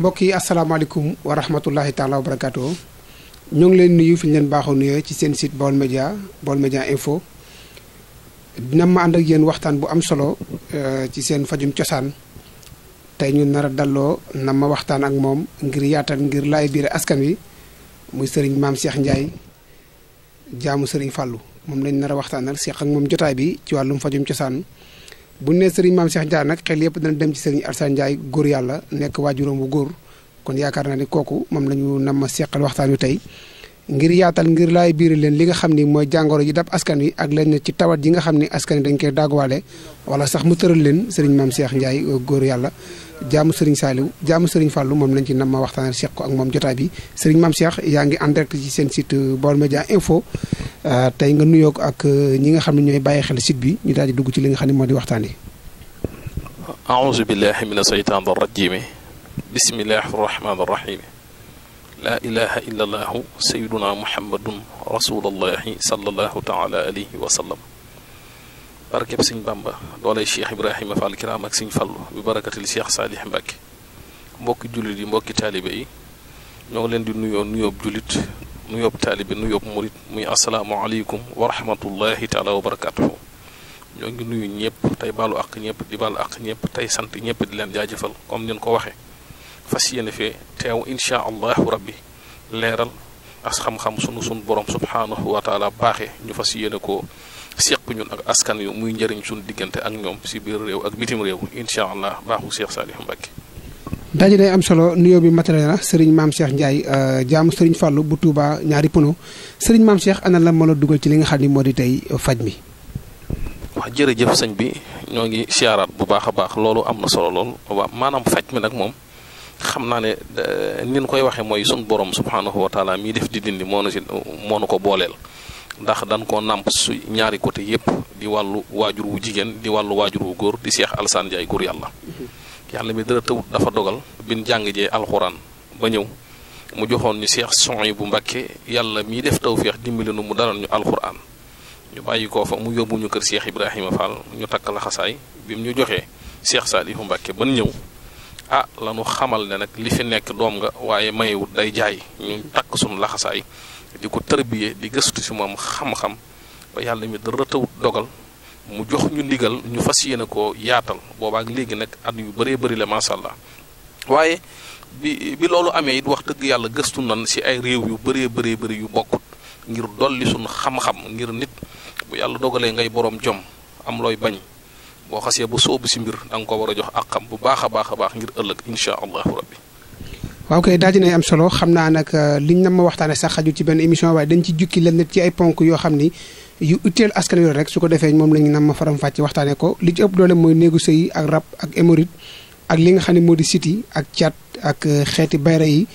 mbokk yi asalaamaaleykum wa rahmatullahi taala wa barakaatu ñoo ngi leen nuyu fi ñu leen baaxoo nuyoo ci seen site Baol Média Baol Média info dina ma ànd ak yéen waxtaan bu am solo euh, ci seen fajum cosaan tey ñu nara daloo nama waxtaan ak moom ngir yaatal ngir laay biir askan wi muy sëriñ maam Cheikh Ndiaye jaamu sëriñ fàllu moom lañ nar a waxtaanal Cheikh ak moom jotaay bi ci wàllum fajum cosaan. bu ne sëriñ maam Cheikh Ndiaye nag xel yëpp dana dem ci sëriñ Arsane Ndiaye góor yàlla nekk waajuram bu góor kon yaakaar naa ni kooku moom la ñu nam ma seqal waxtaan wi tey ngir yaatal ngir laay biir leen li nga xam ni mooy jàngoro ji dab askan wi ak lenn ci tawat ji nga xam ni askan wi dañ koy daaguwaale wala sax mu tëral leen sëriñ maam Cheikh Ndiaye góor yàlla jaamu Serigne Saliou jaamu Serigne Fallou moom lañ ci nam ma waxtaanal Cheikh ko ak moom jotaay bi Serigne Mame Cheikh yaa ngi en direct ci seen site Baol Média info euh, tey nga nuyoo ko ak euh, ñi nga xam ne ñooy bàyyi xel site bi ñu daal di dugg ci li nga xam ne moo di waxtaan yi. aouzu billahi min asaytaan rajimi bismillahi rahmaani rahim laa ilaha illa allahu sayyiduna muhammadun rasulullahi barkeb sëñ Bamba doolay Cheikh Ibrahima Fall Kiram ak sëñ Fallu bi barakatil Cheikh Saalih Mbàkke mbokki jullit yi mbokki taalibe yi ñoo ngi leen di nuyoo nuyoob jullit nuyoob taalibe nuyoob murit muy asalaamualeykum wa rahmatullahi taala wa barakatuhu ñoo ngi nuyu ñëpp tey baalu àq ñëpp di baalu àq ñëpp tey sant ñëpp di leen jaajëfal comme neen ko waxe fas yéene fee teew inchaa allahu rabbi leeral as xam-xam sunu sun borom subhaanahu wa taala baaxee ñu fas yéene ko seq ñun ak askan yu muy njëriñ suñu diggante ak ñoom si biir réew ak bitim réew incha allah baaxu Cheikh Saliou Mbacké daje day am solo nuyoo bi matale na sëriñ maam Cheikh Ndiaye euh, jaamu sëriñ Fallou bu Touba ñaari pono sëriñ maam Cheikh ana la mën a dugal ci li nga xam ni moo di tey faj mi. wax jërëjëf sëñ bi ñoo ngi siyaaraat bu baax a baax loolu am na solo lool waaw maanaam faj mi nag moom xam naa ne euh, ni nin koy waxee mooy sun borom subhanahu wa mi mii def di dindi moo na si moo na ko booleel. ndax dañ koo nàmp su ñaari côté yépp di wàllu waajur wu jigéen di wàllu waajur wu góor di Cheikh Alassane Ndiaye góor yàlla yàlla mi dara tawut dafa dogal bin jàng jee alxuraan ba ñëw mu joxoon ñu Cheikh yi bu Mbàkke yàlla mii def tawféex dimbali nu mu daral ñu alxuraan ñu bàyyi ko fa mu yóbbu ñu kër Cheikh Ibrahima Fall ñu takk la bi mu ñu joxee Cheikh Saalihu Mbàkke ban ñëw ah lanu xamal ne nag li fi nekk doom nga waaye mayewut day jaay ñu takk suñu laxasaay di ko tarbiyee di gëstu ci moom xam-xam ba yàlla mi dara tawut dogal mu jox ñu ndigal ñu fas ne ko yaatal boobaak léegi nag at yu bëree bëri la macha allah waaye bi bi loolu amee it wax dëgg yàlla gëstu nan ci ay réew yu bëree bëree bëri yu bokkut ngir dolli suñu xam-xam ngir nit bu yàlla dogalee ngay boroom jom am looy bañ boo xasee ba sóobu ci mbir da nga ko war a jox xam bu baax a baax a baax ngir ëllëg incha allahu rabbi waaw kay daal dinay am solo xam naa nag euh, li na ma waxtaane sax xaju ci benn émission waaye dañ ci jukki lenn ci ay ponk yoo xam ni yu utile askan rek su ko defee moom lañu nam ma faram fàcce waxtaane ko li ci doole mooy néegu sëy ak rab ak hémorroïde ak li nga xam ne moo di siti ak cat ak euh, xeeti bayra yi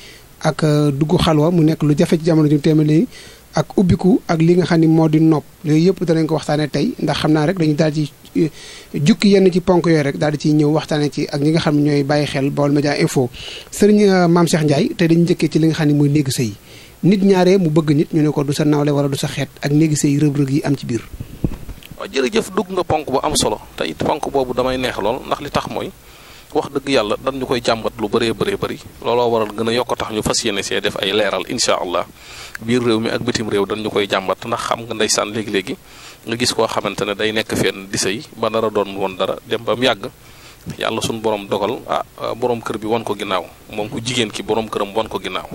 ak euh, dugg xalwa mu nekk lu jafe ci jamono ju téeméer ak ubbiku ak li nga xam ni moo di nopp yooyu yëpp danañ ko waxtaanee tey ndax xam naa rek dañu daal ci eh, jukki yenn ci ponk yooyu rek daal di ciy ñëw waxtaanee ci ak ñi nga xam ne ñooy bàyyi xel Baol Média info sëriñ eh, maam Cheikh Ndiaye tey dañu njëkkee ci li nga xam ne mooy néegu sëy nit ñaare mu bëgg nit ñu ne ko du sa nawle wala du sa xeet ak néegi sëy rëg-rëg yi am ci biir waaw jërëjëf dugg nga ponk bu am solo te it ponk boobu damay neex lool ndax li tax mooy wax dëgg yàlla dan ñu koy jàmbat lu bëree bare bëri looloo waral gën a yokk tax ñu fas yéene see def ay leeral incha allah biir réew mi ak bitim réew dan ñu koy jàmbat ndax xam nga ndeysaan léegi-léegi nga gis koo xamante ne day nekk fenn di sëy ba dara doon woon dara dem ba mu yàgg yàlla suñu borom dogal ah, ah borom kër bi wan ko ginnaaw moom ku jigéen ki boroom këram wan ko ginnaaw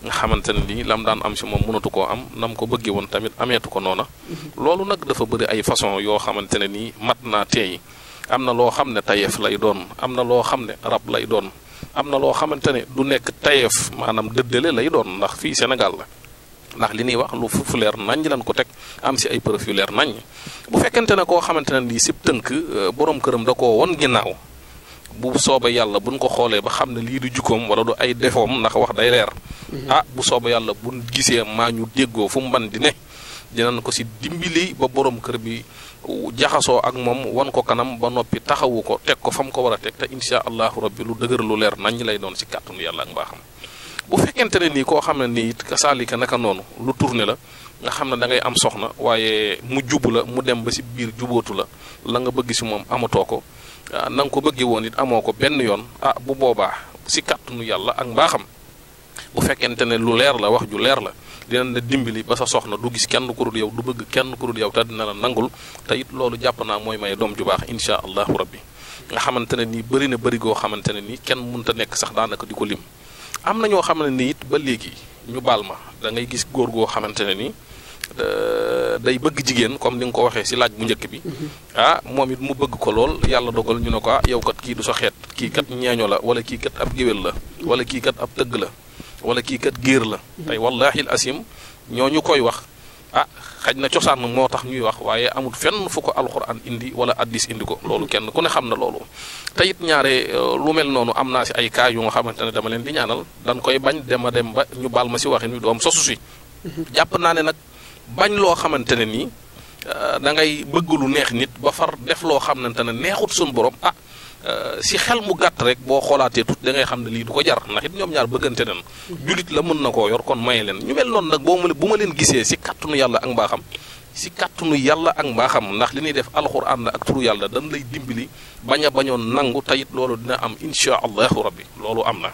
nga xamante ne nii lam daan am si moom mënatu koo am nam ko bëggee woon tamit ameetu ko noona mm-hmm. loolu nag dafa bëri ay façon yoo xamante ne nii mat naa teey am na loo xam ne tayeef lay doon am na loo xam ne rab lay doon am na loo xamante ne du nekk tayeef maanaam dëddale lay doon ndax fii Sénégal la ndax li ñuy wax lu fu leer nañ ko teg am si ay preuve leer nañ bu fekkente ne koo xamante ne lii sib tënk euh, borom këram da ko won ginnaaw bu soobee yàlla buñ ko xoolee ba xam ne lii du jukkoom wala du ay defoom ndax wax day leer mhm. ah bu soobee yàlla buñ gisee maa ñu déggoo fu mu mën di ne dinañ ko si dimbali ba borom kër bi jaxasoo ak moom wan ko kanam ba noppi taxawu ko teg ko fa mu ko war a teg te incha allahu rabbi lu dëgër lu leer nañ lay doon ci kàttanu yàlla ak mbaaxam bu fekkente ne nii koo xam ne nii it naka noonu lu tourné la nga xam ne da ngay am soxna waaye mu jubu la mu dem ba ci biir jubootu la la nga bëgg ci moom amatoo ko ah, na nga ko bëggee woon it amoo ko benn yoon ah bu boobaa ci kàttanu yàlla ak mbaaxam bu fekkente ne lu leer la wax ju leer la. dinañ la dimbali ba sa soxna du gis kenn ku dul yow du bëgg kenn ku dul yow te dina la nangul te loolu jàpp naa mooy may doom ju baax insha allahu rabbi nga xamante ne nii bëri na bëri goo xamante ne nii kenn mënut a nekk sax daanaka di ko lim am na ñoo xam ne nii it ba léegi ñu baal ma da ngay gis góor goo xamante ne nii euh, day bëgg jigéen comme ni nga ko waxee ci laaj bu njëkk bi mm-hmm. ah moom it mu bëgg ko lool yàlla dogal ñu ne ko ah, yowkat kii du sa xeet kii kat ñeeño la wala kii kat ab géwél la wala kii kat ab tëgg la wala kii kat géer la tey wallahi al asim ñoo ñu koy wax ah xaj na cosaan moo tax ñuy wax waaye amut fenn fu ko alxuraan indi wala addis indi ko loolu kenn ku ne xam na loolu te it ñaare euh, lu mel noonu am naa si ay cas yu nga xamante ne dama leen di ñaanal dañ koy bañ dema dem ba ñu baal ma si waxin wi doom sosu si jàpp naa ne nag bañ loo xamante ne nii euh, da ngay bëgg lu neex nit ba far def loo xamante ne neexut suñu borom ah Euh, si xel mu gàtt rek boo xoolaatee tuuti da ngay xam ne lii du ko jar ndax it ñoom ñaar bëggante nan mm-hmm. jullit la mën na koo yor kon maye leen ñu mel noonu nag boo ma bu ma leen gisee si kàttanu yàlla ak mbaaxam si kàttanu yàlla ak mbaaxam ndax li ñuy def alxuraan la ak turu yàlla dañ lay dimbali bañ a bañoon nangu tayit loolu dina am insha allahu rabbi loolu am na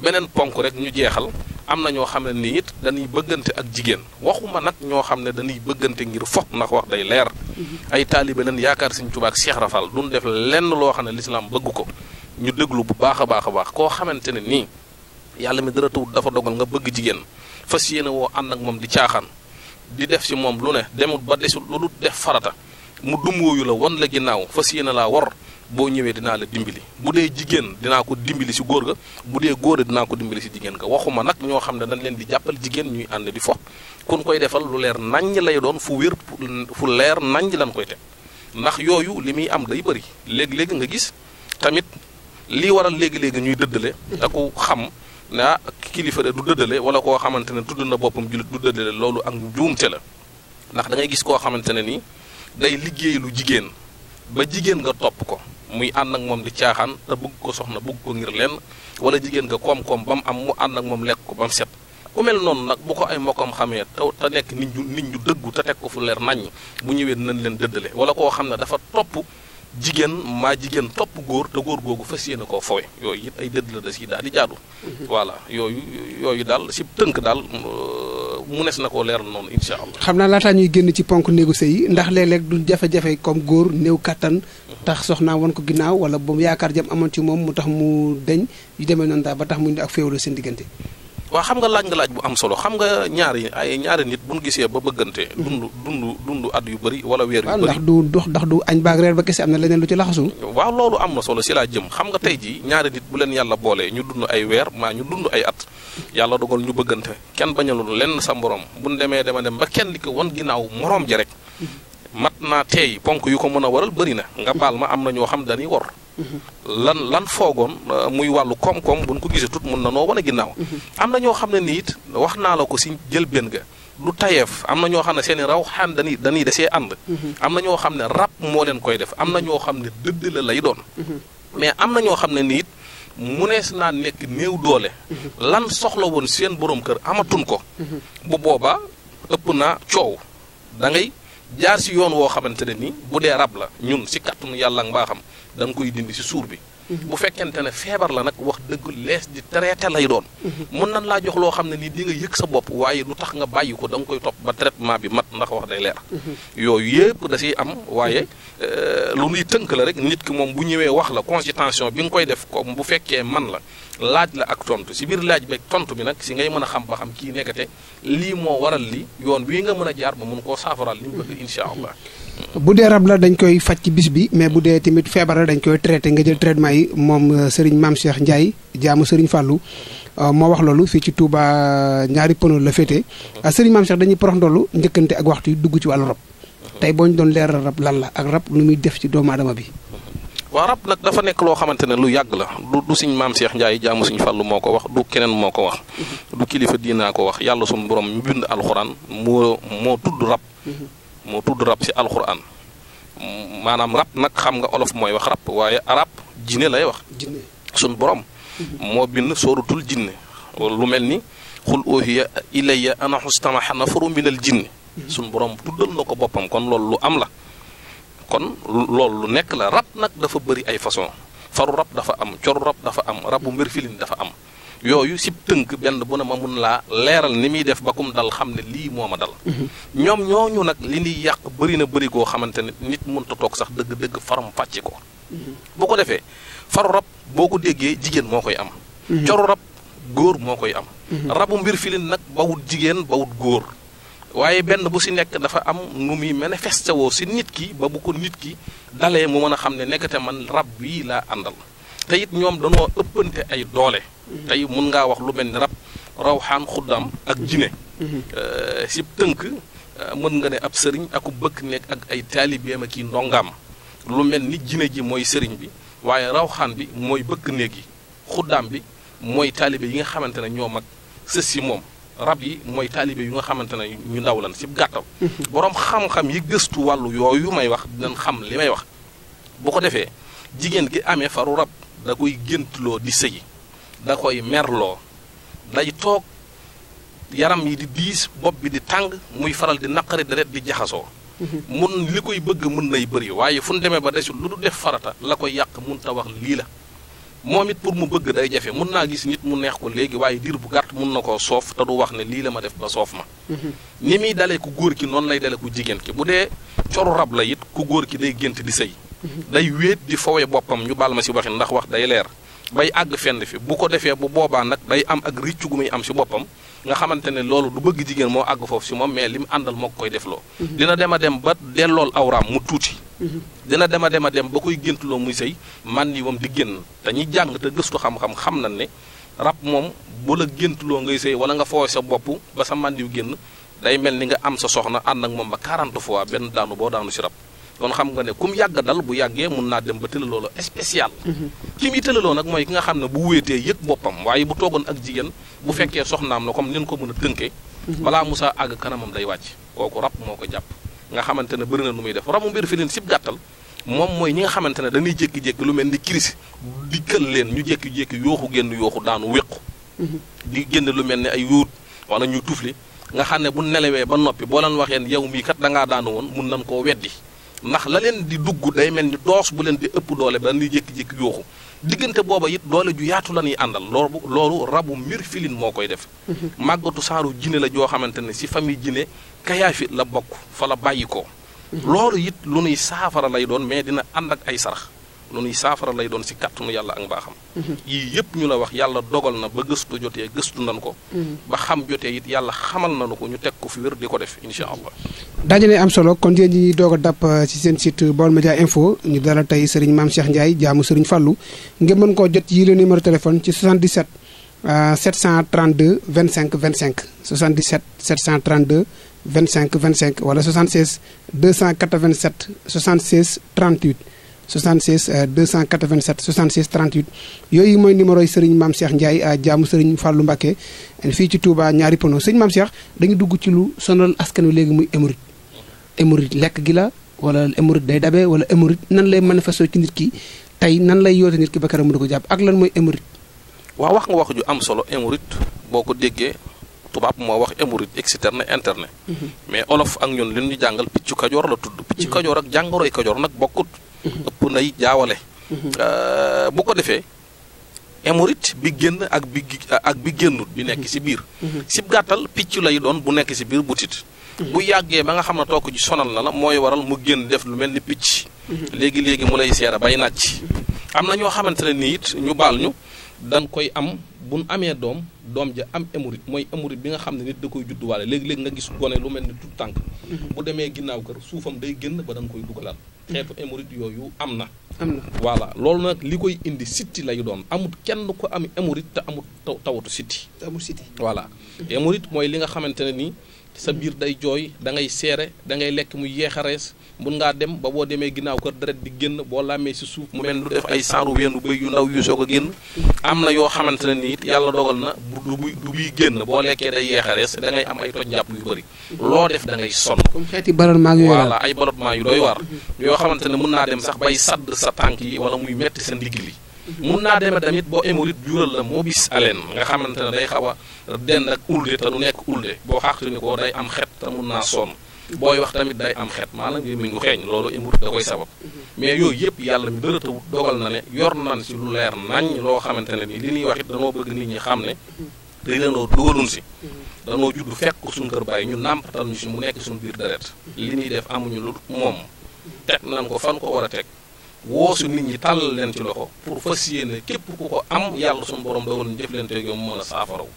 beneen ponk rek ñu jeexal am na ñoo xam ne nii it dañuy bëggante ak jigéen waxuma nag ñoo xam ne dañuy bëggante ngir fopp ndax wax day leer ay taalibe leen yaakaar Sëriñ Tuubaa ak Rafal duñ def lenn loo xam ne lislaam bëgg ko ñu déglu bu baax a baax a baax koo xamante ne nii yàlla mi dara tawut dafa dogal nga bëgg jigéen fas yéene woo ànd moom di caaxaan di def ci moom lu ne demut ba desul lu def farata mu dumbooyu la wan la ginnaaw fas yéene laa war boo ñëwee dinaa la dimbali bu dee jigéen dinaa ko dimbili ci góor ga bu dee góor dinaa ko dimbali ci jigéen ga waxuma nag ñoo xam ne dañ leen di jàppal jigéen ñuy ànd di fo kun koy defal lu leer naññ lay doon fu wér fu leer naññ lan koy teg ndax yooyu li muy am day bëri léegi-léegi nga gis tamit lii waral léegi-léegi ñuy dëddale te ku xam ne ah kilifa de du dëddale wala koo xamante ne tudd na boppam jullit du dëddale loolu ak mu njuumte la ndax dangay gis koo xamante ne ni day liggéey lu jigéen ba jigéen nga topp ko muy ànd ak moom di caaxaan te bëgg ko soxna bugg ko ngir lenn wala jigéen nga koom-koom ba mu am mu ànd ak moom lekk ko ba mu set ku mel noonu nag bu ko ay mbokkam xamee te te nekk nit ñu nit ñu dëggu te teg ko fu leer naññ bu ñëwee nañ leen dëddale wala koo xam ne dafa topp jigéen maa jigéen topp góor te góor googu fas yéene koo fowe yooyu it ay dëdd la si daal di jaadu. Mhm. voilà yooyu yooyu daal si tënk daal euh, mu nees na koo leeral noonu incha allah. xam naa laataa ñuy génn ci ponk négocié yi ndax léeg-léeg du jafe-jafe comme góor néew kattan. Mhm. tax soxnaa woon ko ginnaaw wala ba mu yaakaar jëm amoon ci moom mu tax mu deñ yu demee noonu daal ba tax mu indi ak féewaloo seen diggante. waa xam nga laaj nga laaj bu am solo xam nga ñaari ay ñaari nit bu ñu gisee ba bëggante. dund dund dund at yu bëri wala weer yu bëri. ndax du dox ndax du añ baag reer ba kese am na leneen lu ci laxasu. waaw loolu am solo si laa jëm xam tey ji ñaari nit bu leen yàlla boolee ñu dund ay weer maa ñu dund ay at yàlla dogal ñu bëggante kenn bañalul lenn sa morom bu ñu demee dama dem ba kenn di ko wan ginnaaw moroom ja rek mat naa teey ponk yu ko mën a waral bëri na nga baal ma am na ñoo xam dañuy wor lan lan foogoon euh, muy wàllu koom-koom buñ ko gisatut mun na noo wane ginnaaw. Mhm. am na ñoo xam ne nii it wax naa la ko si njëlbéen ga. lu tayeef am na ñoo xam ne seen i raw xaan dañuy dañuy desee ànd. Mhm. am na ñoo xam ne rab moo leen koy def am na ñoo xam ne dëdd la lay doon. Mhm. mais am na ñoo xam ne nii it munees naa nekk néew doole. lan soxla woon seen boroom kër amatuñ ko. bu boobaa ëpp naa coow da ngay jaar si yoon woo xamante ne nii bu dee rab la ñun si kàttanu yàlla nga baaxam da koy dind ci suur bi. bu fekkente ne feebar la nag wax dëgg lees di traité lay doon. mën nañ laa jox loo xam ne nii di nga yëg sa bopp waaye lu tax nga bàyyi ko da nga koy topp ba traitement bi mat ndax wax day leer. yooyu yëpp da ciy am waaye euh, lu nuy tënk la rek nit ki moom bu ñëwee wax la consultation bi nga koy def comme bu fekkee man la laaj la ak tontu si biir laaj beeg tontu bi nag si ngay mën a xam ba xam kii nekkate lii moo waral li yoon bii nga mën a jaar ba mun koo saafaraal li ñu bëgg bu dee rab la dañ koy faj ci bis bi mais bu dee tamit feebar la dañ koy traité nga jël traitement yi moom euh, Serigne Mame Cheikh Ndiaye jaamu Serigne Fallou euh, moo wax loolu fii ci Touba euh, ñaari pono la féete Serigne Mame Cheikh dañuy porox ndollu njëkkante ak waxtu yi dugg ci wàllu rab tey boo doon leeral rab lan la ak rab lu def ci doomu aadama bi. waaw rab nag dafa nekk loo xamante ne lu yàgg la suñ maam Cheikh Ndiaye jaamu suñ fàllu moo ko wax du keneen moo ko wax mhm. du kilifa diinaa ko wax yàlla suñu borom ñu bind alxuraan moo moo tudd rab mhm. moo tudd rab ci alxuraan maanaam rab nag xam nga olof mooy wax rab waaye arab jinne lay wax suñ borom moo bind sooratul jinne lu mel ni xul oohiya ilayya ana xustamaxa nafaru minal jinne suñ borom tuddal na ko boppam kon loolu lu am la kon loolu lu nekk la rab nag dafa bëri ay façon faru rab dafa am coru rab dafa am rabu mbir filin dafa am yooyu si tënk benn bu na ma mun laa leeral ni muy def ba kum dal xam ne lii moo ma dal. ñoom ñooñu nag li ñuy yàq bëri na bëri goo xamante ne nit mënut a toog sax dëgg-dëgg faram fàcce ko. bu ko defee faru rab boo ko déggee jigéen moo koy am. coru rab góor moo koy am. rabu mbir filin nag bawut jigéen bawut góor. waaye benn bu si nekk dafa am nu muy manifesté woo si nit ki ba bu ko nit ki dalee mu mën a xam ne nekkate man rab bii laa àndal te it ñoom danoo ëppante ay doole tey mun ngaa wax lu mel ni rab rawxaan xuddaam ak jine si mhm. euh, tënk euh, mën nga ne ab sëriñ aku bëkk nekk ak ay taalibeem ak i ndongaam lu mel ni jine ji mooy sëriñ bi waaye rawxaan bi mooy bëkk néeg yi xuddaam bi mooy taalibe yi nga xamante ne ñoo mag sës si moom rab yi mooy taalibe nga xamante ne ñu ndaw lan si gàttal mhm. boroom xam-xam yi gëstu wàllu yooyu may wax dinañ xam li may wax boo ko defee jigéen gi amee faru rab da koy géntloo di sëyi da koy merloo day toog yaram yi di diis bopp bi di tàng muy faral di naqari deret di jaxasoo mhm. mun li koy bëgg mën nay bëri waaye fu nu demee ba desul lu du def farata la koy yàq mun ta wax lii la moom it pour mu bëgg day jafe mun naa gis nit mu neex ko léegi waaye diir bu gàtt mun na koo soof te du wax ne lii la ma def ba soof ma mhm. ni muy dalee ku góor ki noonu lay dale ku jigéen ki bu dee coru rab la it ku góor ki day gént di sëy mhm. day wéet di fowe boppam ñu baal ma si waxin ndax wax day leer bay àgg fenn fi bu ko defee bu boobaa nag day am ak ricc gu muy am si boppam nga xamante ne loolu du bëgg jigéen moo àgg foofu si moom mais li mu àndal moo koy defloo. Mhm. dina dem a dem ba dellool awraam mu tuuti. Mhm. dina dem a dem a dem ba koy géntuloo muy sëy man yi moom di génn te ñi jàng te gëstu xam-xam xam nañ ne rab moom bu la géntuloo ngay sëy wala nga fooy sa bopp ba sa màndiw génn day mel ni nga am sa soxna ànd ak moom ba 40 fois benn daanu boo daanu si rab. kon xam nga ne kum yàgg dal bu yàggee mun naa dem ba tëlaloo la spécial. ki muy tëlaloo nag mooy ki nga xam ne bu wéetee yëg boppam waaye bu toogoon ak jigéen bu fekkee soxnaam la comme nin ko mën a tënkee. Mhm. balaa Moussa àgg kanamam day wàcc kooku rab moo ko jàpp. nga xamante ne bëri na nu muy def rabu mbir fi leen sib gàttal moom mooy ñi nga xamante ne dañuy jékki-jékki lu mel ni crise dikkal leen ñu jékki-jékki yooxu génn yooxu daanu wéqu mhm. di génn lu mel ni ay yóot wala ñu tufli nga xam ne bu nelewee ba noppi boo leen waxeen yow mii kat da ngaa daanu woon mun nan koo weddi ndax la leen di dugg day mel ni doos bu leen di ëpp doole ba dañuy jékki-jékki yooxu diggante booba it doole ju yaatu la ñuy àndal loolu loolu rabu mbir filin moo koy def mhm. màggatu saaru jine la joo xamante ne si famille jine kayaafi la bokk fa la bàyyi ko mhm. loolu it lu nuy saafara lay doon mais dina ànd ak ay sarax lu nuy saafara lay doon si kàttanu yàlla ak mbaaxam. Mhm. yii yëpp ñu la wax yàlla dogal na ba gëstu jotee gëstu nañ ko. Mhm. ba xam jotee it yàlla xamal nañu ko ñu teg ko fi wér di ko def incha allah. daajale am solo kon yéen ñi doog a dàpp euh, ci seen site Baol Média info ñu dalal tey sëriñ maam Cheikh Ndiaye jaamu sëriñ Fallou ngeen mën koo jot yii la numéro téléphone ci 77 732 25 25 77 732. 25 25 wala 76 287 76 38 76 287 66 38 yooyu mooy numéro yi sëriñ maam Cheikh Ndiaye à euh, jaamu sëriñ Fallou Mbacké fii ci Touba ñaari pono sëriñ maam Cheikh dañu dugg ci lu sonal askan wi léegi muy hémorroïde hémorroïde lekk gi la wala hémorroïde day dabe wala hémorroïde nan lay manifester ci nit ki tey nan lay yoote nit ki ba keroog mu di ko jàpp ak lan mooy hémorroïde. waa wax nga wax ju am solo hémorroïde boo ko déggee tubaab moo wax hémorroïde externe interne. Mhm. mais olof ak ñun li ñu jàngal piccu kajoor la tudd. piccu mhm. kajoor ak jàngoroy nag bokkut. ëpp nay jaawale euh, bu ko defee émorite bi génn ak bi ak bi génnut bi nekk ci biir sib gàttal picc lay doon bu nekk ci biir butit bu yàggee ba nga xam ne toog ji sonal na la mooy waral mu génn def lu mel ni picc léegi-léegi mu lay seera bay nàcc am na ñoo xamante ne nii it ñu baal ñu dan koy am bu buñ amee doom doom ja am émorite mooy émorite bi nga xam ne nit da koy judduwaale léegi-léegi nga gis gone lu mel ni tout tànk mhm. bu demee ginnaaw kër suufam day génn ba dañ koy dugalaat mhm. xeetu émorite yooyu am na am na voilà loolu nag li koy indi sitti lay doon amut kenn ko am émorite te amut tawatu sitti amut sitti voilà mhm. mooy li nga xamante ne nii sa biir day jooy da ngay seere da ngay lekk mu yéex a rees mun ngaa dem ba boo demee ginnaaw kër deret di génn boo làmmee si suuf mu mel lu def ay saaru weenu bëy yu ndaw yu soo a génn am na yoo xamante ne ni it yàlla dogal na du muy du muy génn boo lekkee day yéex a rees da ngay am ay toj njàpp yu bari loo def da ngay sonn voilà ay ballottement yu doy war yoo xamante ne mun naa dem sax bay sadd sa tànk yi wala muy metti sa ndigg li mun naa demee tamit boo émorite jural la mobis alen nga xamante ne day xaw a dend ak ulde te lu nekk ulde boo xaxtu ni ko day am xet te mun naa sonn booy wax tamit day am xet maanaam ngir mi ngu xeeñ loolu émorite da koy sabab mais yooyu yëpp yàlla mi dara tawut dogal na ne yor nan si lu leer nañ loo xamante ne ni li ñuy wax it bëgg nit ñi xam ne dañ lenoo dugalun si danoo judd fekk suñu kër bàyyi ñu nàmpatal ñu si mu nekk suñu biir deret li ñuy def amuñu lu moom teg nan ko fan ko war a teg woosu nit ñi tàllal leen ci loxo pour fas yéene képp ku ko am yàlla suñu borom dogal ñu jëflanteeg yow mu a saafaraw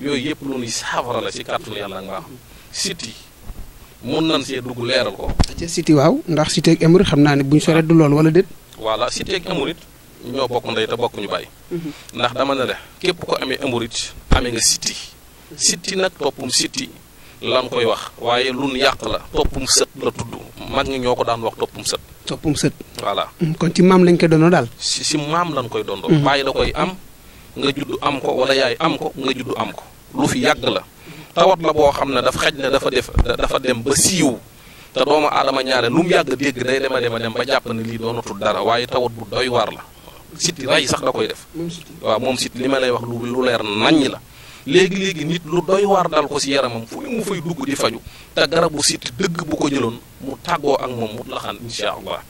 yooyu yëpp lu ñuy saafara la ci kàttanu yàlla ak mbaaxam siti mun nan see dugg leeral ko. siti waaw ndax cité ak émurit xam naa ne bu ñu soree du loolu wala déet. voilà cité ak émurit ñoo bokk ndey te bokk ñu bàyyi. Mhm. ndax dama ne la képp ko amee émurit amee nga siti siti nag toppum siti lan koy wax waaye lu yàq la toppum sët la tudd. mag ñi ñoo ko daan wax toppum sët. toppum sët. voilà mm, kon ci maam lañ koy doonoo daal. si maam lañ koy doonoo. Mm-hmm. bàyyi da koy am nga juddu am ko wala yaay am ko nga judd am ko lu fi yàgg la. tawat la boo xam ne daf xaj ne dafa def dafa dem ba siiw te doomu aadama ñaare lum mu yàgg dégg day dem a dem a dem ba jàpp ne lii doonatul dara waaye tawat bu doy waar la. siti ray sax da koy def. waaw moom sit li ma lay wax lu lu leer naññ la. léegi-léegi nit lu doy waar dal ko ci yaramam fu mu fay dugg di faju te garabu siti dëgg bu ko jëloon mu tàggoo ak moom mu laxan insha allah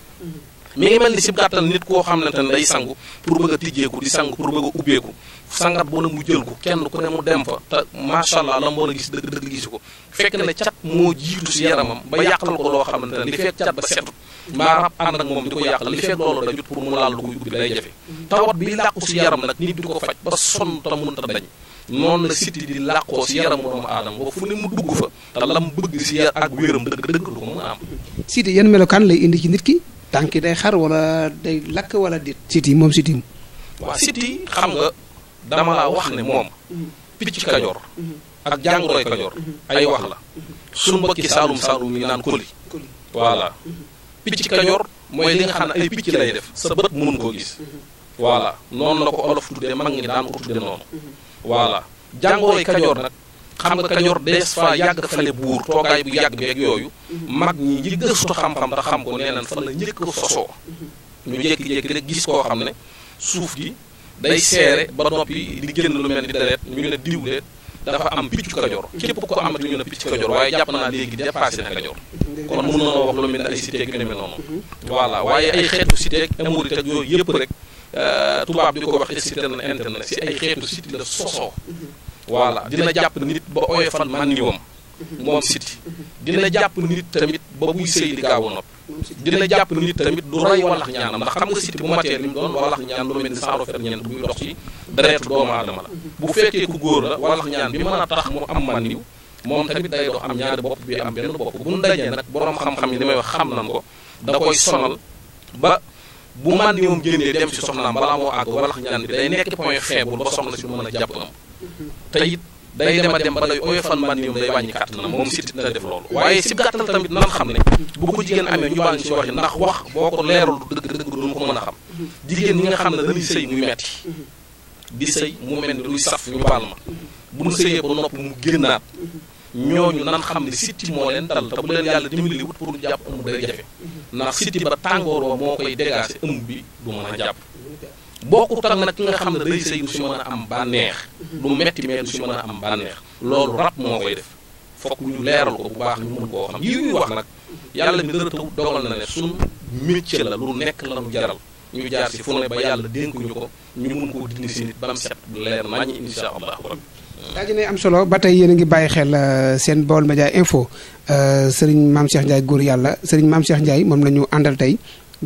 mi ngi mel ni si gàttal nit koo xamante ne day sangu pour bëgg a tijjeeku di sangu pour bëgg a ubbeeku sangat bu mu jël ko kenn ku ne mu dem fa te macha la mboon a gis dëgg dëgg gis ko fekk na cat moo jiitu si yaramam ba yàqal ko loo xamante ne li fekk cat ba setut mbaa rab ànd ak moom di ko yàqal li noonu la siti di làqoo si yaramu doomu aadama ba fu ne mu dugg fa te lam bëgg si yar ak wéram dëgg dëgg du ko mën a am. siti yan melokaan lay indi ci nit ki tànk yi day xar wala day lakk wala déet. siti moom siti. waaw siti xam nga dama la wax ne moom. picc kajoor. ak jàngoroy kajoor. ay wax la. suñu mbokki saalum saalum yi naan koli. voilà picc kajoor mooy li nga xam ne ay picc lay def. sa bët mënu koo gis. voilà noonu la ko olof tuddee mag ñi daan ko tudde voilà jàngooy kajoor nag xam nga kajoor des fa yàgg fale buur toogaay bu yàgg beeg yooyu mag ñi ñi gëstu xam-xam te xam ko nee nan fan njëkk sosoo ñu jékki-jékki rek gis koo xam ne suuf gi day seere ba noppi di génn lu mel ni deret ñu ne diw dafa am piccu kajoor képp ko amati ñu ne picc kajoor waaye jàpp naa léegi dépassé na kajoor kon mën nanoo wax lu mel ni ay cité ak yu demee noonu mm-hmm. voilà waaye ay xeetu cité ak émorite ak yooyu yëpp rek Euh, tubaab di ko wax externe internet si ay xeetu site la sosoo voilà dina jàpp nit ba oyofal màndiwam moom site dina jàpp nit tamit ba buy sëy gaaw a dina jàpp nit tamit du roy walax ñaanam xam nga site bu matee li mu dox ci dereetu doomu aadama la bu fekkee ku góor la walax bi mën a tax mu am màndiw moom tamit day dox am ñaari bopp bi am benn bopp bu nu nag boroom xam-xam yi li may wax xam nan ko da koy sonal ba bu man ni moom génnee dem si soxnaam balaa moo àgg walax ñaan bi day nekk point faible ba soxna si mu mën a jàpp am te it day dem a dem ba day oyofal man day wàññi kàttanam moom sitit dina def loolu waaye si gàttal tamit nan xam ne bu ko jigéen amee ñu baal ñu si ndax wax boo ko leerul dëgg dëgg duñu ko mën a xam jigéen ñi nga xam ne dañuy sëy muy metti di sëy mu mel luy saf ñu baal ma bu nu sëyee ba nopp mu génnaat ñooñu nan xam ne sitti moo leen dal te bu leen yàlla dimbali wut pour ñu jàpp ëmb day jafe ndax sitti ba tàngoor wa moo koy dégaase ëmb bi du mën a jàpp bokkut ak nag ki nga xam ne day sëy du si mën a am bànneex du metti mais si mën a am bànneex loolu rab moo koy def fokk ñu leeral ko bu baax ñu mën koo xam yi ñuy wax nag yàlla mi dara taw dogal na ne suñ métier la lu nekk la nu jaral ñu jaar si fu ne ba yàlla dénkuñu ko ñu mën koo dindi si nit ba set leer daa ji ne am solo ba tey yéen a ngi bàyyi xel euh, seen Baol Média info euh, sëriñ maam Cheikh Ndiaye góor yàlla sëriñ maam Cheikh Ndiaye moom la ñu àndal tey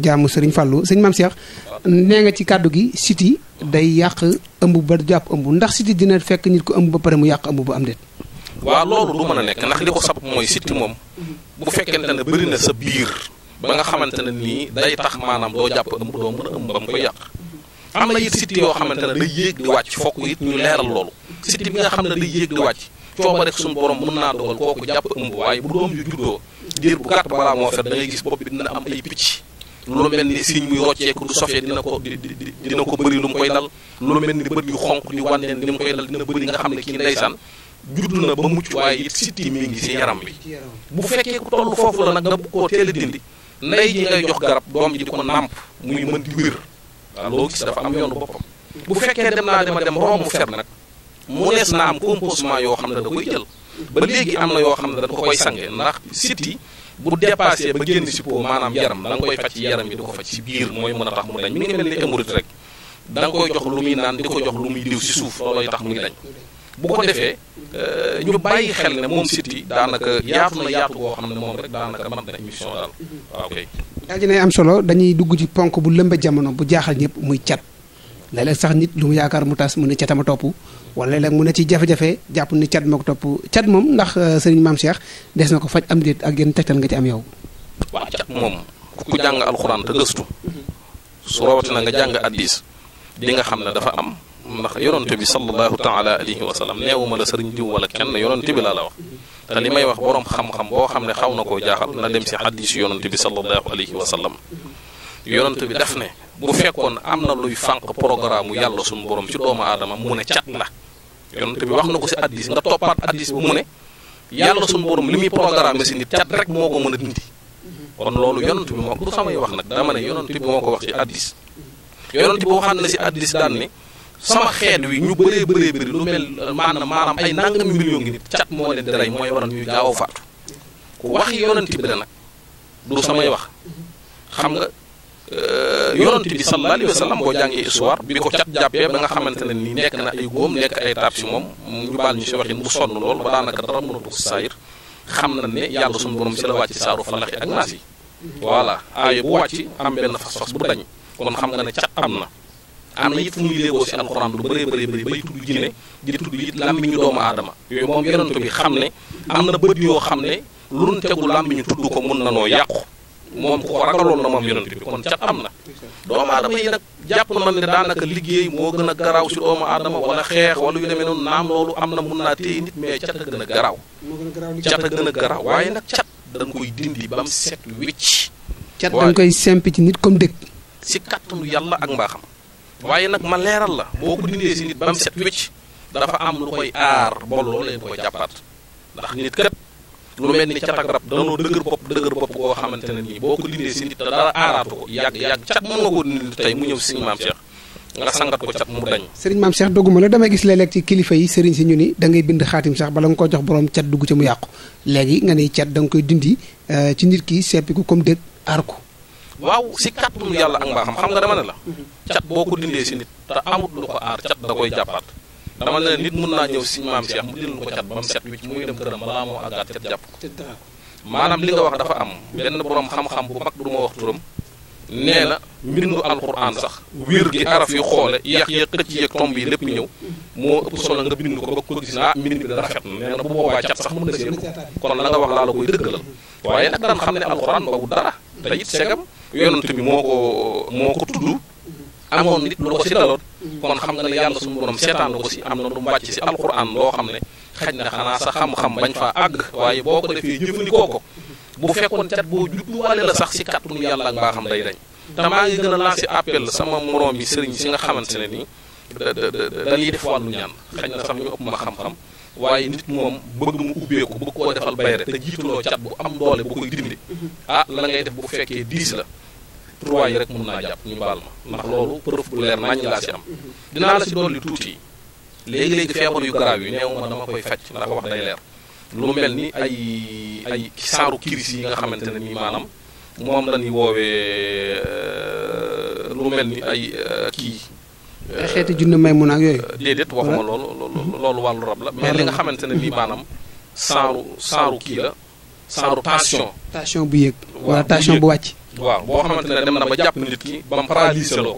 jàmm sëriñ Fallou sëriñ maam Cheikh nee nga ci kàddu gi siti day yàq ëmb ba jàpp ëmb ndax siti dina fekk nit ko ëmb ba pare mu yàq ëmb bu am déet. waaw loolu du mën a nekk ndax li ko sab mooy siti moom bu fekkente ne bëri na sa biir ba nga xamante ne nii day tax maanaam doo jàpp ëmb doo mën a ëmb ba mu koy yàq. am na it site yoo xamante ne day yéeg di wàcc fokk it ñu leeral loolu site bi nga xam ne day yéeg di wàcc cooba rek suñu mën naa dogal kooku jàpp ëmb waaye bu doom yu juddoo diir bu gàtt balaa moo fet da gis bopp bi dina am ay picc lu mel ni siñ muy rocceeku du sofee dina ko dina lu mu koy dal lu mel ni bët yu xonq di wànneen ni mu koy dal dina bëri nga xam ne kii ndeysaan judd na ba mucc waaye it siti mi ngi si yaram bi bu fekkee waaw loo gis dafa am yoonu boppam bu fekkee dem naa dama dem romb fer nag mu nees naa am composement yoo xam ne da koy jël ba léegi am na yoo xam ne dañ ko koy sange ndax siti bu dépassé ba génn si po maanaam yaram da nga koy faj ci yaram bi du ko faj si biir mooy mën a tax mu dañ mi ngi mel ni émorite rek da nga koy jox lu muy naan di ko jox lu muy diw si suuf loolooy tax muy dañ bu ko defee euh, ñu bàyyi xel ne moom siti daanaka yaatu na yaatu goo xam ne moom rek daanaka man na émission daal waaw kay daal dinay am solo dañuy dugg ci ponk bu lëmba jamono bu jaaxal ñëpp muy cat léeg-léeg sax nit lu mu yaakaar mu tas mu ne catama topp wala léeg mu ne ci jafe-jafe jàpp ni cat moo ko topp cat moom ndax euh, sëriñ maam Cheikh des na ko faj am déet ak yéen tegtal nga ci am yow. waaw cat moom ku jàng alxuraan te gëstu su rawatina nga jàng addis di nga xam ne dafa am ndax yonante bi sallallahu taala alayhi wa sallam neewuma la sëriñ diw wala kenn yonante bi laa la wax. te li may wax boroom xam-xam boo xam ne xaw na ko jaaxal na dem si xaddisu yonent bi sallallahu alayhi wa sallam yonent bi daf ne bu fekkoon am na luy fànq programme yàlla suñu borom ci doomu aadama mu ne cat la yonent bi wax na ko si addis nga toppaat addis bi mu ne yàlla suñu borom li muy programme si nit cat rek moo ko mën a dindi kon loolu yonent bi moo du samay wax nag dama ne yonent bi moo ko wax ci addis yonent bi waxaan na si addis sama xeet wi ñu bëree bëree bëri lu mel euh, maanaam maanaam ay nangam million ngi nit cat moo leen di rey mooy waral ñuy gaaw a faatu ku wax yonent bi la nag du samay wax xam nga euh, yonent bi sa alayhi wa sallam boo jàngee bi ko cat jàppee ba nga xamante ne nii nekk nekk ay taab si moom ñu baal ñu waxin bu sonn lool ba daanaka dara mënatu ko si saayir xam na ne yàlla suñu borom si la wàcc saaru falaxi ak naas yi voilà aaya bu wàcc am benn fas fas bu dañ kon xam nga ne cat am na am na it fu muy léegoo si alxuraan lu bëree bëri bay tudd jinne di tudd it doomu aadama moom yonent bi xam ne am na bët yoo xam ne lu nu tegu làmmiñu tudd ko mun na noo yàqu moom ku ko ragaloon na moom yonent bi kon cat am na doomu aadama yi nag jàpp nañ ne daanaka liggéey moo gën a garaaw si doomu aadama wala xeex wala yu demee noonu naam loolu am na mun naa téye nit mais cat a gën a garaaw a gën waaye nag cat dañ koy dindi ba mu set wicc cat dañ koy simp ci nit comme dëkk si kàttanu yàlla ak mbaaxam waaye nag ma leeral la boo ko dindee si nit ba mu set wécc dafa am lu koy aar bon loolu leen koy jàppaat ndax nit kat lu mel ni cat rab danoo dëgër bopp dëgër bopp koo xamante ne nii boo ko dindee si nit te mu ñëw si maam Cheikh nga sangat ko cat mu dañ. sëriñ maam Cheikh dogguma la damay gis léeg-léeg ci kilifa yi sëriñ si ñu ni da ngay bind xaatim sax bala nga ko jox borom cat dugg ci mu yàqu léegi nga ne cat da koy dindi euh, ci nit ki seppi ko comme dëgg aar ko waaw si kàttanu yàlla ak mbaaxam xam nga dama ne la mhm. cat boo ko dindee si nit te amut lu ko aar cat da koy jàppaat dama ne na nit mun naa ñëw si maam Cheikh mu dindil ko cat ba mu set wicc muy dem këram balaa moo àggaat cat jàpp ko maanaam li nga wax dafa am benn borom xam-xam bu mag du ma wax turam nee na mbindu alxuraan sax wiir gi araf yu xoole yéex yéex xëcc yéeg tomb yi lépp ñëw moo ëpp solo nga bind ko ba ko gis ah, na mbind bi da rafet na na bu boobaa sax mën na yonent bi moo ko moo ko tudd amoon nit lu ko si daloon kon xam nga ne yàlla suñu borom seetaan ko si am na lu mu si alquran loo xam ne xaj na xanaa sa xam-xam bañ faa àgg waaye boo ko defee jëfandikoo ko bu fekkoon cat boo judduwaale la sax si kàttanu yàlla ak mbaaxam day dañ te ngi gën a lancé appel sama moroom yi sëriñ si nga xamante ne nii dañuy def wàllu ñaan xaj na sax ñu ëpp ma xam-xam waaye nit moom bëgg mu ubbeeku bëgg koo defal bayre te jiituloo cat bu am doole bu koy ah, def la trois yi rek mun naa jàpp ñu baal ma ndax loolu preuve bu leer nañ laa si am dinaa la si dolli tuuti léegi-léegi feebar yu garaaw yi neew ma dama koy faj ndax wax day leer mel ni ay ay saaru kiris yi nga xamante ne nii maanaam moom la ñuy woowee euh, lu mel ni ay euh, kii euh, ay xeeti junne may mun ak yooyu déedéet waxuma loolu loolu wàllu rab la mais li nga xamante ne nii maanaam saaru saaru kii la saaru tension tension bu yéeg wala tension bu wàcc waaw boo xamante ne dem na ba jàpp nit ki ba mu paralysé la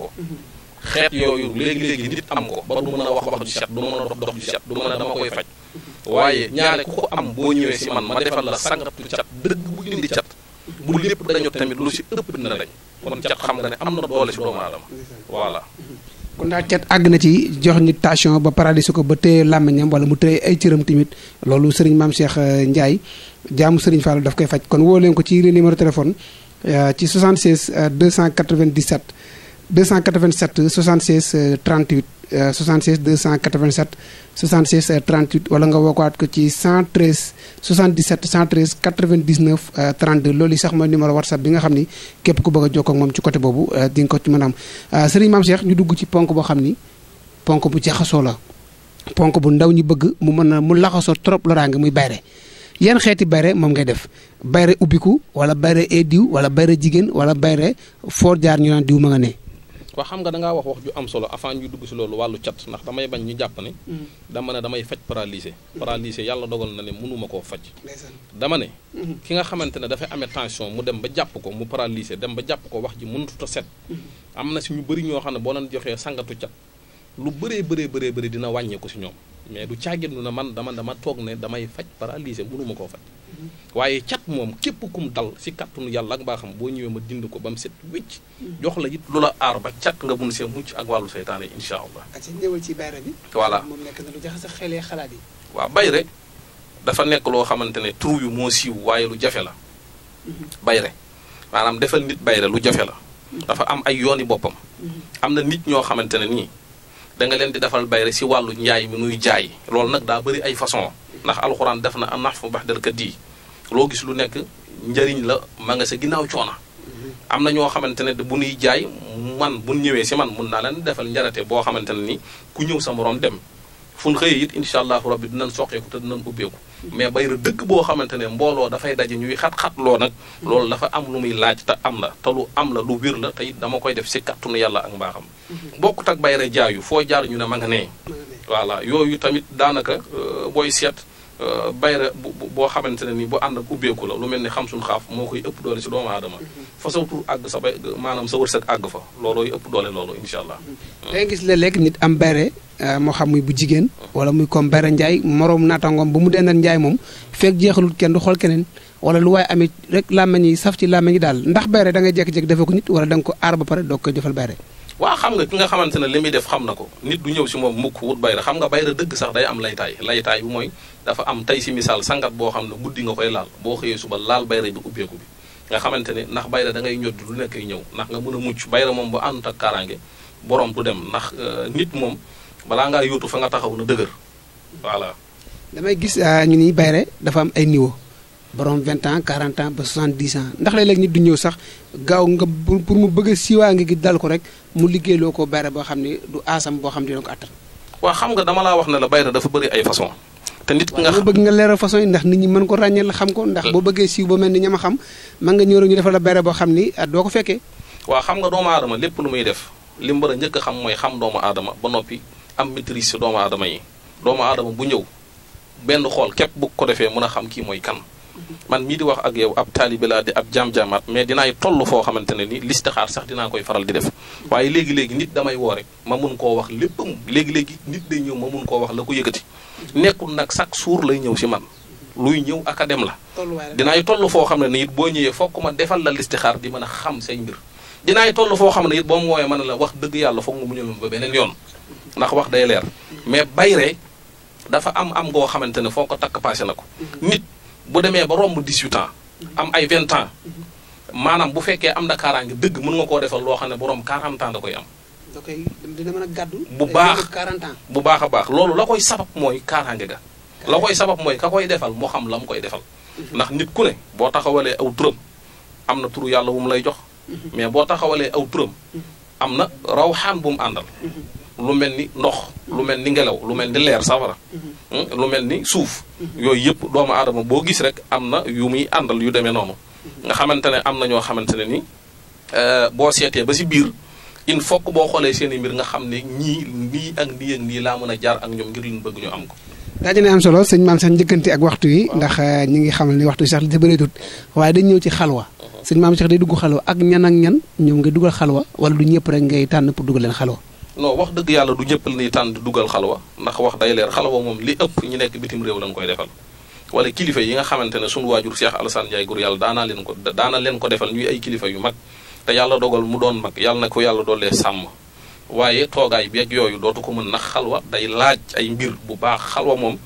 yooyu léegi-léegi nit am ko ba du mën a wax wax ju set du mën a dox a ko am boo ñëwee si man ma la sangatu cat dëgg bu indi cat bu tamit lu si ëpp na dañ kon xam nga ne am na doole si doomu kon daal cat àgg na ci jox nit tension ba paralysé ko ba téye làmmiñam wala mu téye ay cëram tamit loolu sëriñ maam Cheikh euh, Ndiaye jaamu sëriñ Fallou daf koy faj kon woo leen ko ci numéro téléphone Euh, ci 76 297 287 76 38 76 287 76 38 wala nga woowaat ko ci 113 77 113 99 32 loolu yi sax mooy numéro whatsapp nga xam ni képp ku bëgg a jokkoo ak moom ci côté boobu euh, di nga ko ci mën a am euh, sëriñ ñu dugg ci ponk boo xam ni ponk bu jaxasoo la ponk bu ndaw ñi bëgg mu mën a mu laxasoo trop loraange muy bayre yan xeeti bayre moom ngay def bayre ubbiku wala bayre ee diw wala bayre jigéen wala bayre foo jaar ñu naan diw ma nga ne. waaw xam nga da ngaa wax wax ju am solo avant ñu dugg si loolu wàllu cat ndax damay bañ ñu jàpp ne. Hmm. dama ne faj paralysé. paralysé yàlla dogal na ne mënuma koo faj. dama ne. Hmm. ki nga xamante ne dafay amee tension mu dem ba jàpp ko mu paralysé dem ba jàpp ko wax ji mënatut a set. Hmm. am na si ñu bëri ñoo xam ne boo leen joxee sangatu cat lu bëree bëree bëree bëri dina wàññeeku si ñoom mais du caaginu na man dama dama toog na damay faj paralysé mënuma koo faj waaye cat moom képp kum dal si kàttanu yàlla ak mbaaxam boo ñëwee ma dind ko bam mu set wécc hmm. jox la it lu la aar ba cat nga mun see mucc ak wàllu seytaane insha allah ah, ci ñëwal ci bayra bi voilà moom nekk na lu jaxase xelee xalaat yi waaw bayre dafa nekk loo xamante ne tur yu moo siiw waaye lu jafe la hmm. bayre maanaam defal nit bayre lu jafe la hmm. dafa am ay yooni boppam am na nit ñoo xamante nii da nga leen di defal bayre si wàllu njaay mi nuy jaay loolu nag daa bari ay façon ndax alxuraan def na nax fu baax dalkat yi loo gis lu nekk njëriñ la ma nga sa ginnaaw coona am na ñoo xamante ne bu nuy jaay man bu ñëwee si man mun naa leen defal njarate boo xamante ne ni ku ñëw sa morom dem fun xëyee it incha allahu rabbi dinañ soqeeku te dinañ ubbeeku mais bayra dëkk boo xamante ne mbooloo dafay daje ñuy xat-xatloo nag loolu dafa am lu muy laaj te am la te lu am la lu wér la tey dama koy def si kàttanu yàlla ak mbaaxam mhm. bokkut ak bayra jaayu foo jaar ñu ne ma nga nee voilà yooyu tamit daanaka euh, booy seet euh, bayra boo xamante ne ni bu ànd ak ubbeeku la lu mel ni xam suñ xaaf moo koy ëpp doole si doomu aadama mhm. fa saw tur àgg sa bay maanaam sa wërsëg àgg fa loolooy yëpp doole loolu incha allah. Mhm. day am bayre Euh, moo xam muy bu jigéen wala muy comme Bara Ndiaye moroom naataangoom bu mu dendal Ndiaye moom fekk jeexalut kenn du xool keneen wala lu waaye amit rek làmmeñ yi saf ci làmmeñ yi daal ndax Bara da ngay defee ko nit wala da nga ko aar ba ko jëfal Bara waaw xam nga nga xamante ne li muy def xam na ko nit du ñëw si moom mukk wut bayra xam nga bayra dëgg sax day am laytaay laytaay bi mooy dafa am tey si misaal sangat boo xam ne guddi nga koy laal boo xëyee suba laal bayra bi ubbeeku bi nga xamante ne ndax bayra da ngay ñodd lu nekk ñëw ndax nga mën a mucc bayra moom bu àndut ak kaaraange borom du dem ndax euh, nit moom balaa ngaa yóotu fa nga taxaw na dëgër voilà. damay gis ah, ñu ni bayre dafa am ay niveau borom 20 ans 40 ans ba 70 ans ndax léeg-léeg nit du ñëw sax gaaw nga pour mu bëgg a siiwaa ngi gi dal ko rek mu liggéeyloo ko bayre boo xam ne du asam boo xam ne dina ko attan. waa xam nga dama laa wax ne la bayre dafa bëri ay façon te nit nga xam bëgg nga leeral façon yi ndax nit ñi mën ko ràññee la xam ko ndax boo bëggee siiw ba ni ña ma xam mën nga ñëw rek ñu defal la bayre boo xam ni ah, doo ko fekkee. waa xam nga doomu aadama lépp lu muy def li mu war a njëkk xam mooy xam doomu aadama ba noppi am maîtrise ci doomu aadama yi doomu aadama bu ñëw benn xool képp bu ko defee mën a xam kii mooy kan mhm. man mii di wax ak yow ab taalibe laa di ab jaam-jaamaat mais dinaay toll foo xamante ne ni listixaar sax dinaa koy faral di def mhm. waaye léegi-léegi nit damay woore ma mun koo wax léppam léegi-léegi nit day ñëw ma mun koo wax la ko yëkkati mhm. nekkul nag chaque jour lay ñëw ci man luy ñëw ak a dem la dinaay toll foo xam ne ni it boo ñëwee fokk ma defal la listixaar di mën a xam say mbir dinaay toll foo xam ne it boo mu wooyee a la wax dëgg yàlla foog nga mu ñëw ba beneen yoon ndax wax day leer mais bayre dafa am am ngoo xamante ne foo ko takk passé na ko nit bu demee ba romb 18 ans am ay 20 ans maanaam bu fekkee am na kaaraange dëgg mën nga koo defal loo xam ne borom 40 ans koy am. da koy dina mën a gàddu. bu baax bu baax a baax loolu la koy sabab mooy kaaraange ga. la koy sabab mooy ka koy defal moo xam la mu koy defal. ndax nit ku ne boo taxawalee aw turam am na turu yàlla wu mu lay jox. Mhm. mais boo taxawalee aw turam am na rawxaan bu mu àndal. lu mel ni ndox lu mel ni ngelaw lu mel ni leer safara mhm. hmm, lu mel ni suuf mhm. yooyu yëpp doomu aadama boo gis rek am na yu muy àndal yu demee noonu mhm. nga xamante ne am na ñoo xamante ne ni euh, boo seetee ba si biir il faut boo xoolee seen i mbir nga xam ne ñii nii ak nii ak nii laa mën a jaar ak ñoom ngir liñ bëgg ñu am ko daañu ne am solo sëñ maam sax njëkkante ak waxtu yi ndax euh, ñu ngi xam ni waxtu yi sax li si bëreetut waaye dañ ñëw ci xalwa uh-huh. sëñ maam sax day dugg xalwa ak ñan ak ñoom ngay dugal xalwa wala du ñëpp rek ngay tànn pour dugal leen xalwa non wax dëgg yàlla du ñëpp la ñuy tànn dugal xalwa ndax wax day leer xalwa moom li ëpp ñu nekk bitim réew lañ koy defal wala kilifa yi nga xamante ne sunu waajur Cheikh Alassane Ndiaye góor yàlla daanaa leen ko daana leen ko defal ñuy ay kilifa yu mag te yàlla dogal mu doon mag yàlla na ko yàlla doolee sàmm waaye toogaay bi ak yooyu dootu ko mën na xalwa day laaj ay mbir bu baax xalwa moom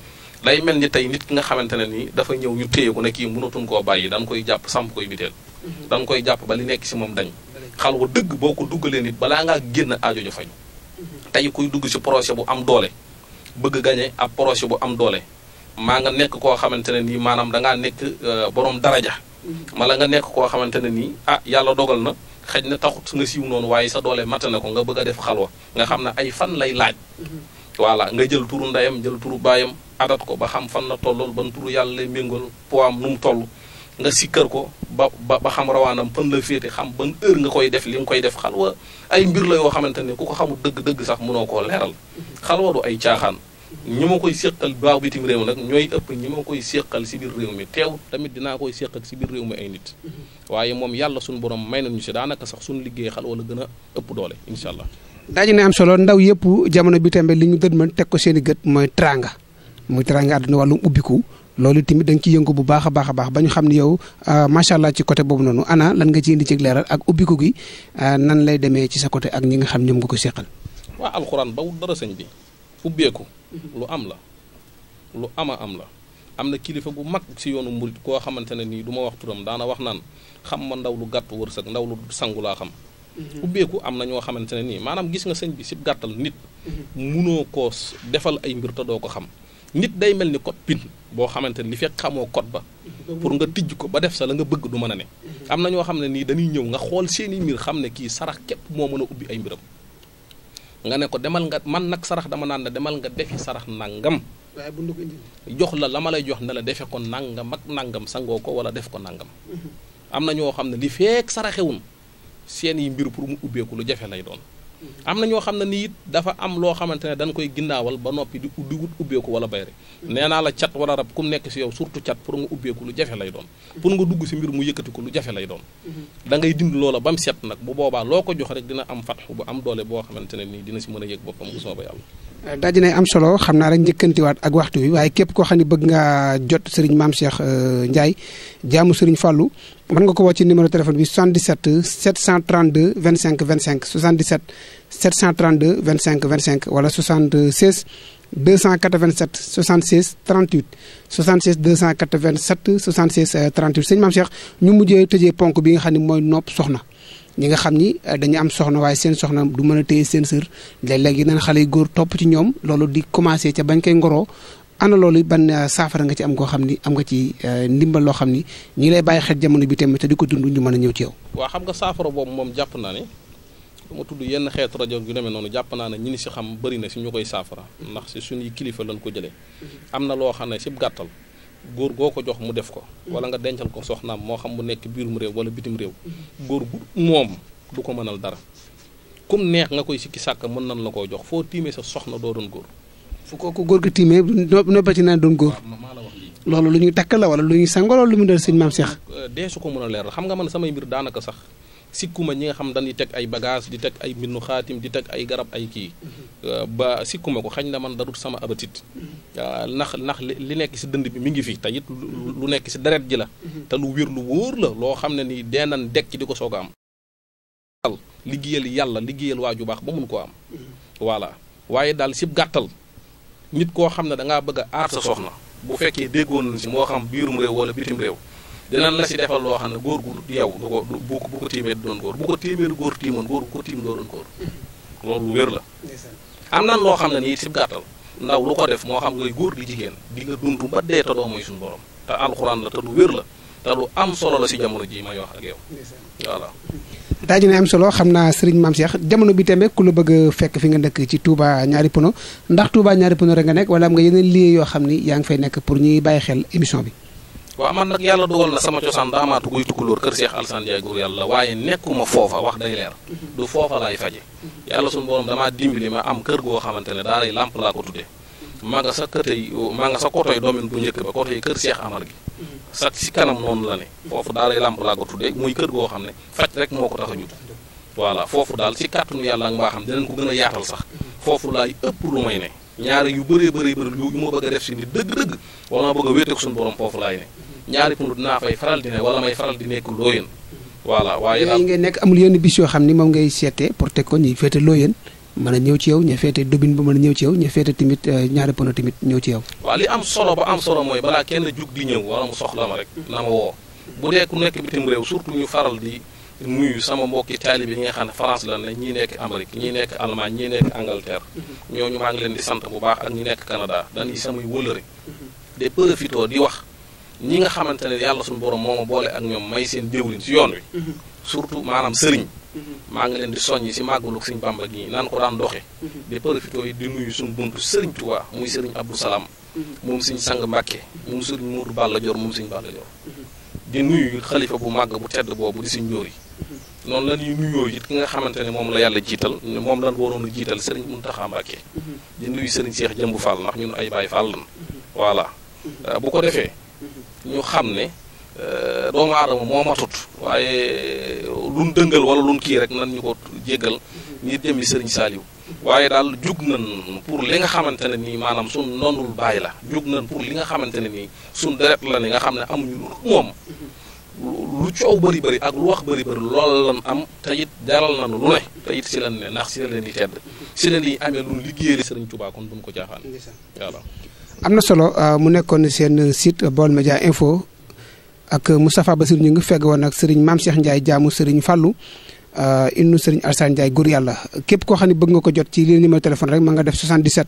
day mel ni tey nit ki nga xamante ne ni dafa ñëw ñu téye ko ne kii mënatuñ koo bàyyi dañ koy jàpp sàmp koy biteel mhm. dañ koy jàpp ba li nekk si moom dañ xalwa dëgg boo ko duggalee nit balaa ngaa génn aajo jo fañu tey kuy dugg si projet bu am doole bëgg gañe ab projet bu am doole maa nga nekk koo xamante ne nii maanaam dangaa nekk euh, borom daraja mala mm-hmm. nga nekk koo xamante ne nii ah yàlla dogal na xëj na taxut nga siiw noonu waaye sa doole matt na ko nga bëgg a def xalwa nga xam na ay fan lay laaj mm-hmm. voilà nga jël turu ndeyam jël turu baayam adat ko ba xam fan la tollool ban turu yàlla lay méngool poids nu mu toll nga sikkar ko ba ba xam rawaanam fan la féete xam ba heure nga koy def li nga koy def xalwa ay mbir la yoo xamante ne ku ko xamul dëgg-dëgg sax munoo koo leeral xalwa du ay caaxaan ñi ma koy séqal baaw bitim réew nag ñooy ëpp ñi ma koy séqal si biir réew mi teew tamit dinaa koy séqal si biir réew mi ay nit waaye moom yàlla suñu borom may nañu si daanaka sax suñu liggéey xalwa la gën a ëpp doole incha allah daañu ne am solo ndaw yëpp jamono bi tamit li ñu dëd man teg ko seen i mooy teranga muy teranga àdduna wàllum loolu tamit da nga ci yëngu bu baax a baax a baax ba ñu xam ne yow euh, macha allah ci côté boobu noonu ana lan nga ci indi ci leeral ak ubbiku gi euh, nan lay demee ci sa côté ak ñi nga xam ñoom nga ko seqal. waa alxuraan bawul dara sëñ bi ubbeeku lu am la lu ama am la am na kilifa gu mag si yoonu murit koo xamante ne nii du ma wax turam daana wax naan xam ma ndaw lu gàtt wërsëg ndaw lu sangu laa xam. Mm-hmm. ubbeeku am na ñoo xamante ne nii maanaam gis nga sëñ bi si gàttal nit. Mm-hmm. munoo koo defal ay mbir doo ko xam. nit day mel ni code PIN boo xamante ni li fekk xamoo code ba pour nga tijj ko ba def sa la nga bëgg du mën a ne am na ñoo xam ne nii dañuy ñëw nga xool seeni mbir xam ne kii sarax képp moo mën a ubbi ay mbiram nga ne ko demal nga man nag sarax dama naan la demal nga defi sarax nangam jox la la ma lay jox ne la defe ko nangam ak nangam sangoo ko wala def ko nangam mhm. am na ñoo xam ne li fekk saraxewun seen yi mbir pour mu ubbeeku lu jafe lay doon am na ñoo xam ne nii it dafa am loo xamante ne dañ koy ginnaawal ba noppi di di wut ubbeeku wala bayre nee naa la cat wala rab ku nekk si yow surtout cat pour nga ubbeeku lu jafe lay doon pour nga dugg si mbir mu yëkkati ko lu jafe lay doon mhm. da ngay dind loola ba mu set nag bu boobaa loo ko jox rek dina am fatxu bu am doole boo xamante ne nii dina si mën a yëg boppam bu sooba yàlla euh, daji nay am solo xam naa rek njëkkantiwaat ak waxtu wi waaye képp koo xam ne bëgg nga jot sëriñ maam Cheikh euh, Ndiaye jaamu sëriñ Fallou mën nga ko woo ci numéro téléphone bi 77 732 25 25 77 732 25 25 wala 76 287 76 38 76 287 76 38 sëñ Maam Cheikh ñu mujjee tëjee ponk bi nga xam ne mooy nopp soxna. ñi nga xam ñi euh, dañu am soxna waaye seen soxna du mën a téye seen sër léeg-léeg yeneen xale yu góor topp ci ñoom loolu di commencé ca bañ koy ngoro ana loolu ban euh, saafara nga ci am goo xam ni am nga ci euh, ndimbal loo xam ni ñi lay bàyyi xel jamono bi tamit te di ko dund ñu mën a ñëw ci yow. waa xam nga saafara boobu moom jàpp naa ne lu ma tudd yenn xeetu rajo yu demee noonu jàpp naa ne ñi ni si xam bëri na si koy saafara ndax si kilifa lañ ko jëlee mhm. am na loo xam ne si gàttal. góor goo ko jox mu def ko mhm. wala nga dencal ko soxnaam moo xam mu nekk biirum réew wala bitim réew mhm. góor gu moom du ko mënal dara kum neex nga koy sikki sàkk mën nan la koo jox foo tiimee sa soxna doo doon góor su ko ko góor gi tiimee noppa ci naan doon góor loolu lu ñuy takk la wala lu ñuy sango loolu lu mu dal sëñ maam Cheikh euh, dee su ko mën a leer la xam nga man samay mbir daanaka sax sikkuma ñi nga xam dañuy teg ay bagage di teg ay mbindu xaatim di teg ay garab ay kii euh, ba sikkuma ko xañ na man darut sama abatit nax euh, ndax li nekk si dënd bi mi ngi fi te it lu nekk si deret ji la te lu wér lu wóor la loo xam ne nii ni deenan dekk di ko soog a am liggéeyal yàlla liggéeyal waaju baax ba mun koo am voilà waaye daal sib gàttal nit koo xam ne da ngaa bëgg aar sa soxna bu fekkee déggoon nañ si moo xam biirum réew wala bitim réew dinañ na si defal loo xam ne góor gu yow du ko bu ko bu tiimee du doon góor bu ko tiimee du góor tiimoon góor ko tiim doo loolu wér la am nan loo xam ne nii si gàttal ndaw lu ko def moo xam ngay góor di jigéen di nga dund ba dee te doo mooy suñu borom te alxuraan la te lu wér la te lu am solo la si jamono ji may wax ak yow voilà daa dina am solo xam naa sëriñ maam Cheikh jamono bi tembe ku la bëgg fekk fi nga nekk ci Touba ñaari pono ndax Touba ñaari pono rek nga nekk wala am nga yeneen lieu yoo xam ni yaa ngi fay nekk pour ñuy bàyyi xel émission bi waaw man nag yàlla dogal na sama cosaan daamaatu guy tukkulóor kër Cheikh Alassane Ndiaye góor yàlla waaye nekkuma foofa wax day leer du foofa laay faje yàlla suñu borom damaa dimbali ma am kër goo xamante ne daal daaray làmp laa ko tudde ma nga sa këtay maa nga sa kotoy domaine bu njëkk ba kotoy kër Cheikh Amar gi mm-hmm. sax si kanam noonu la ne foofu daalay làmp laa ko tuddee muy kër goo xam ne faj rek moo ko tax a jug voilà foofu daal ci kàttanu yàlla ak mbaaxam dinañ ko gën a yaatal sax mm-hmm. foofu laay ëpp lu may ne ñaari yu bëree bëri bëri yu ma bëgg a def si ni dëgg-dëgg wala ma bëgg a wéeteek suñu borom foofu laay ne mm-hmm. ñaari pund dinaa fay faral di ne wala may faral di nekk looyeen mën a ñëw ci yow ña feete dubin ba mën a ñëw ci yow ña feete tamit euh, ñaari pono tamit ñëw ci yaw waaw li am solo ba am solo mooy balaa kenn jug di ñëw wala mu soxla ma rek na ma woo bu dee ku nekk bitim réew surtout ñu faral di nuyu sama mbokki taalibe yi nga xam ne France lan ne ñii nekk Amérique ñii nekk Allemagne ñii nekk Angleterre ñooñu ngi leen di sant bu baax ak ñi nekk Canada dañuy samay wëlëre de profitoo di wax ñi nga xamante ne yàlla suñu borom moo ma boole ak ñoom may seen jëwlin si yoon wi surtout maanaam sëriñ mhm. maa ngi leen di soññ si màggalu sëñ Bàmba gi naan ko daan doxe mhm. di profito yi di nuyu suñu buntu sëriñ Tuubaa muy sëriñ Abdou Salaam mhm. moom sëñ Sang Mbàkke moom sëriñ Muudu Balla Joor moom sëñ Balla Joor di nuyu xalifa bu màgg bu tedd boobu di sëñ yi noonu la ñuy nuyoo it ki nga xamante ne moom la yàlla jiital moom lan waroon a jiital sëriñ Muntaxa Mbàkke di nuyu sëriñ Seex Jëmb Fall ndax ñun ay Baay Fall la voilà euh, bu ko defee ñu xam Euh, doomu aadama moo matut waaye luñ dëngal wala luñ kii rek nan ñu ko jéggal ngir jëmmi sëriñ Saaliw waaye daal jug nañ pour li nga xamante ne nii maanaam suñ nonul bàyyi la jug nañ pour li nga xamante ne nii suñ deret la ni nga xam ne amuñu moom lu coow bëri bëri ak lu wax bëri bëri lool lan am te it jaral nañu lu ne te si lan ne ndax si la leen di tedd si la ñuy amee lu liggéeyale sëriñ Tuubaa kon duñ ko jaaxaan voilà am na solo euh, mu nekkoon seen site ak Moustapha Bassir ñu ngi fegg woon ak sëriñ Mame Cheikh Ndiaye jaamu sëriñ Fallou euh, innu sëriñ Alassane Ndiaye góor yàlla képp koo xam ne bëgg nga ko jot ci lii numéro téléphone rek ma nga def 77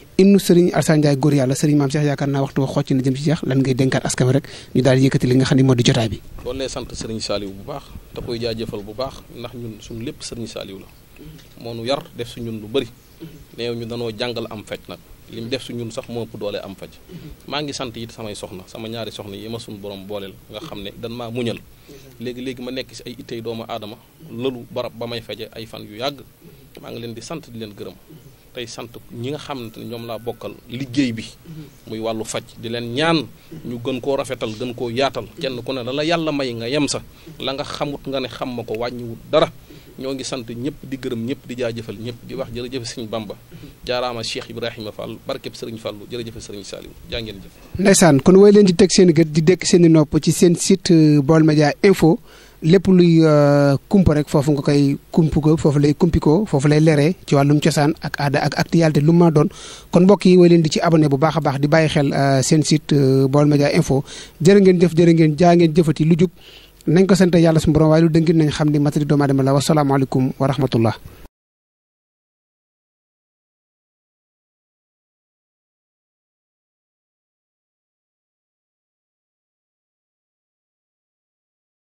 innu sëriñ Alassane Ndiaye góor yàlla sëriñ maam Cheikh yaakaar naa waxtu wa xocc na jëm ci jeex lan ngay dénkaat askan rek ñu daal yëkkati li nga xam ne moo di jotaay bi loolu lay sant sëriñ Saliou bu baax te la moo nu yar def su ñun lu bëri neew ñu danoo jàngal am faj nag li mu def su ñun sax moo ëpp doole am faj maa ngi sant it samay soxna sama ñaari soxna yi ma suñu borom booleel nga xam ne dan maa muñal léegi léegi ma nekk si ay ittey doomu aadama lëlu barab ba may faje ay fan yu yàgg maa tey sant ñi nga xamante ne ñoom laa bokkal liggéey bi muy wàllu faj di leen ñaan ñu gën koo rafetal gën koo yaatal kenn ku ne la la yàlla may nga yem sa la nga xamut nga ne xam ma ko wàññiwut dara ñoo ngi sant ñëpp di gërëm ñëpp di jaa jëfal ñëpp di wax jërëjëf sëriñ Bamba jaaraama Cheikh Ibrahima Fall barkeb sëriñ Fallu jërëjëf sëriñ Saliou jaa ngeen jëf. Ndeysaan kon woy leen di teg seen gët di dekk seen i nopp ci seen site euh, Baolmedias info lépp luy euh, kump rek foofu nga koy kump ko foofu lay kumpikoo foofu lay leeree ci wàllum cosaan ak aada ak actualité lu ma doon kon mbokk yi way leen di ci abonné bu baax a baax di bàyyi xel euh, seen site euh, Baol Média info jërë ngeen jëf jërë ngeen jaa ngeen jëfati lu jub nañ ko sant yàlla suñu borom waaye lu dëngin nañ xam ni matadi doomu aadama la wasalaamaaleykum wa rahmatullah